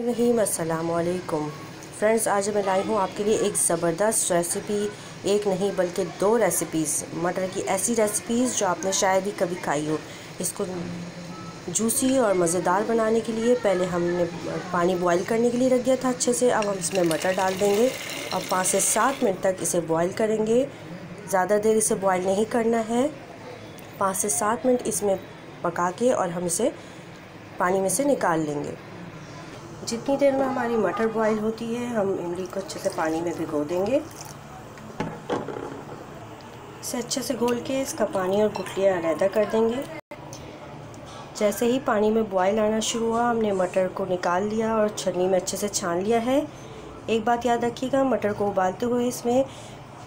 असलकुम फ्रेंड्स आज मैं लाई हूँ आपके लिए एक ज़बरदस्त रेसिपी एक नहीं बल्कि दो रेसिपीज़ मटर की ऐसी रेसिपीज़ जो आपने शायद ही कभी खाई हो इसको जूसी और मज़ेदार बनाने के लिए पहले हमने पानी बॉईल करने के लिए रख दिया था अच्छे से अब हम इसमें मटर डाल देंगे और पाँच से सात मिनट तक इसे बॉयल करेंगे ज़्यादा देर इसे बॉयल नहीं करना है पाँच से सात मिनट इसमें पका के और हम इसे पानी में से निकाल लेंगे जितनी देर में हमारी मटर बॉईल होती है हम इमली को अच्छे से पानी में भिगो देंगे इसे अच्छे से घोल के इसका पानी और गुटलियाँ अलहदा कर देंगे जैसे ही पानी में बॉईल आना शुरू हुआ हमने मटर को निकाल लिया और छन्नी में अच्छे से छान लिया है एक बात याद रखिएगा मटर को उबालते हुए इसमें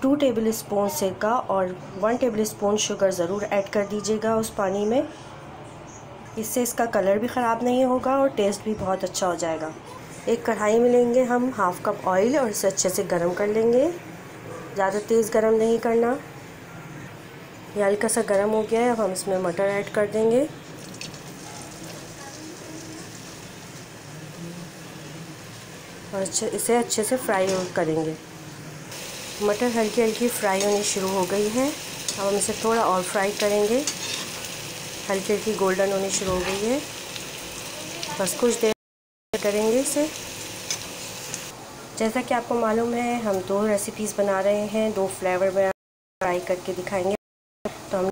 टू टेबल स्पून सिरका और वन टेबल स्पून शुगर ज़रूर ऐड कर दीजिएगा उस पानी में इससे इसका कलर भी ख़राब नहीं होगा और टेस्ट भी बहुत अच्छा हो जाएगा एक कढ़ाई में लेंगे हम हाफ़ कप ऑयल और इसे अच्छे से गर्म कर लेंगे ज़्यादा तेज़ गर्म नहीं करना यह हल्का सा गर्म हो गया है अब हम इसमें मटर ऐड कर देंगे और इसे अच्छे से फ्राई करेंगे मटर हल्की हल्की फ्राई होनी शुरू हो गई है अब हम इसे थोड़ा और फ्राई करेंगे हल्की हल्की गोल्डन होनी शुरू हो गई है बस कुछ देर करेंगे इसे जैसा कि आपको मालूम है हम दो रेसिपीज़ बना रहे हैं दो फ्लेवर में ट्राई करके दिखाएंगे तो हमने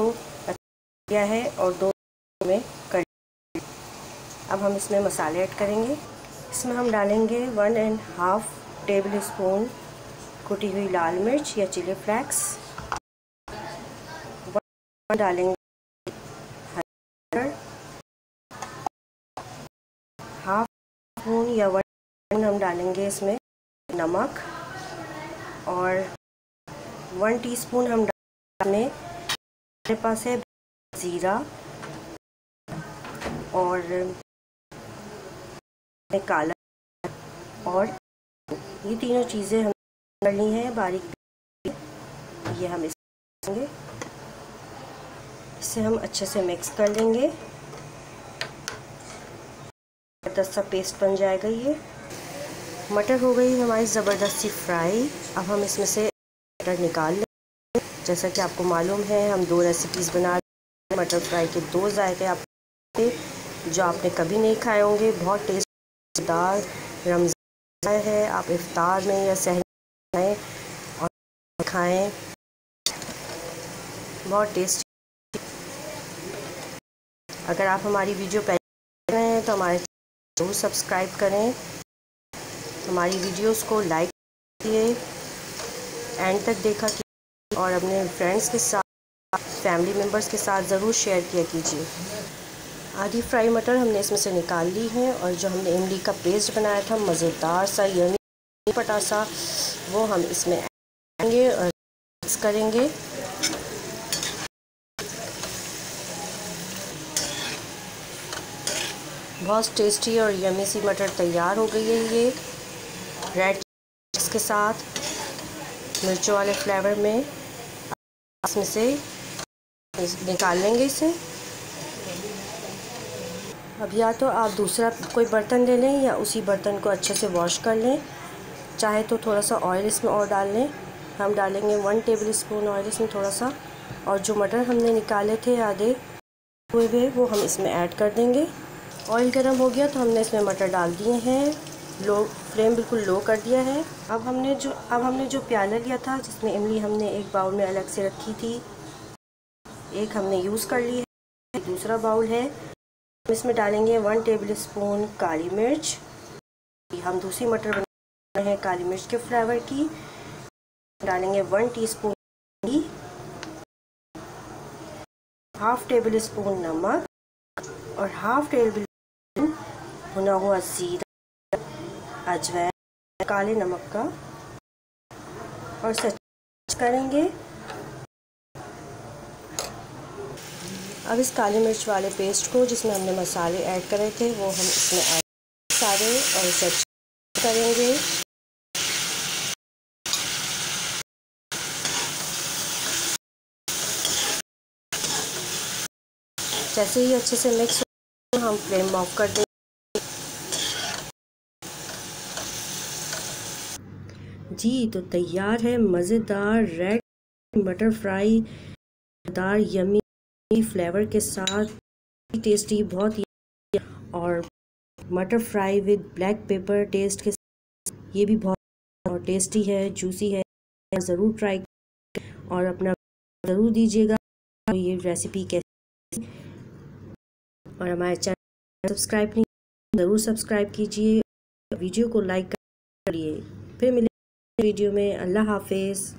दो किया है और दो में कर अब हम इसमें मसाले ऐड करेंगे इसमें हम डालेंगे one and half table spoon कुटी हुई लाल मिर्च या चिली फ्लैक्स डालेंगे हाफ स्पून या वन स्पून हम डालेंगे इसमें नमक और वन टीस्पून हम डालेंगे हमारे पास है ज़ीरा और काला और ये तीनों चीज़ें हम डालनी है बारीक ये हम इसमें इसे हम अच्छे से मिक्स कर लेंगे ज़बरदस्त सा पेस्ट बन जाएगा ये मटर हो गई हमारी ज़बरदस्त सी फ्राई अब हम इसमें से मटर निकाल लेंगे जैसा कि आपको मालूम है हम दो रेसिपीज़ बना रहे मटर फ्राई के दो जायके आप जो आपने कभी नहीं खाए होंगे बहुत टेस्टदार रमज़ान है आप इफ्तार में या सह खाएँ और खाएँ बहुत टेस्ट अगर आप हमारी वीडियो पहले रहे हैं तो हमारे जरूर सब्सक्राइब करें हमारी वीडियोस को लाइक कीजिए एंड तक देखा कीजिए और अपने फ्रेंड्स के साथ फैमिली मेम्बर्स के साथ ज़रूर शेयर किया कीजिए आधी फ्राई मटर हमने इसमें से निकाल ली है और जो हमने इमली का पेस्ट बनाया था मज़ेदार सा यमी पटासा वो हम इसमें करेंगे और मिक्स करेंगे बहुत टेस्टी और यमी सी मटर तैयार हो गई है ये रेड के साथ मिर्चों वाले फ्लेवर में इसमें से निकाल लेंगे इसे अब या तो आप दूसरा कोई बर्तन ले लें या उसी बर्तन को अच्छे से वॉश कर लें चाहे तो थोड़ा सा ऑयल इसमें और डाल लें हम डालेंगे वन टेबल स्पून ऑयल इसमें थोड़ा सा और जो मटर हमने निकाले थे आधे हुए हुए वो हम इसमें ऐड कर देंगे ऑयल गर्म हो गया तो हमने इसमें मटर डाल दिए हैं लो फ्लेम बिल्कुल लो कर दिया है अब हमने जो अब हमने जो प्याला लिया था जिसमें इमली हमने एक बाउल में अलग से रखी थी एक हमने यूज़ कर ली है दूसरा बाउल है हम इसमें डालेंगे वन टेबल स्पून काली मिर्च हम दूसरी मटर बना हैं काली मिर्च के फ्लेवर की डालेंगे one tea spoon half table spoon नमक और हाफ टेबल भुना हुआ जीरा अजवैन काले नमक का और सच करेंगे अब इस काले मिर्च वाले पेस्ट को जिसमें हमने मसाले ऐड करे थे वो हम इसमें ऐड सारे और सच करेंगे जैसे ही अच्छे से मिक्स हम फ्लेम ऑफ कर देंगे जी तो तैयार है मज़ेदार रेड बटर फ्राई मज़ेदार यमी फ्लेवर के साथ टेस्टी बहुत ही अच्छा। और मटर fry with black pepper taste के साथ ये भी बहुत और टेस्टी है जूसी है ज़रूर ट्राई और अपना ज़रूर दीजिएगा ये रेसिपी कैसी और हमारे चैनल सब्सक्राइब नहीं ज़रूर सब्सक्राइब कीजिए वीडियो को लाइक करिए फिर मिले वीडियो में अल्लाह हाफिज़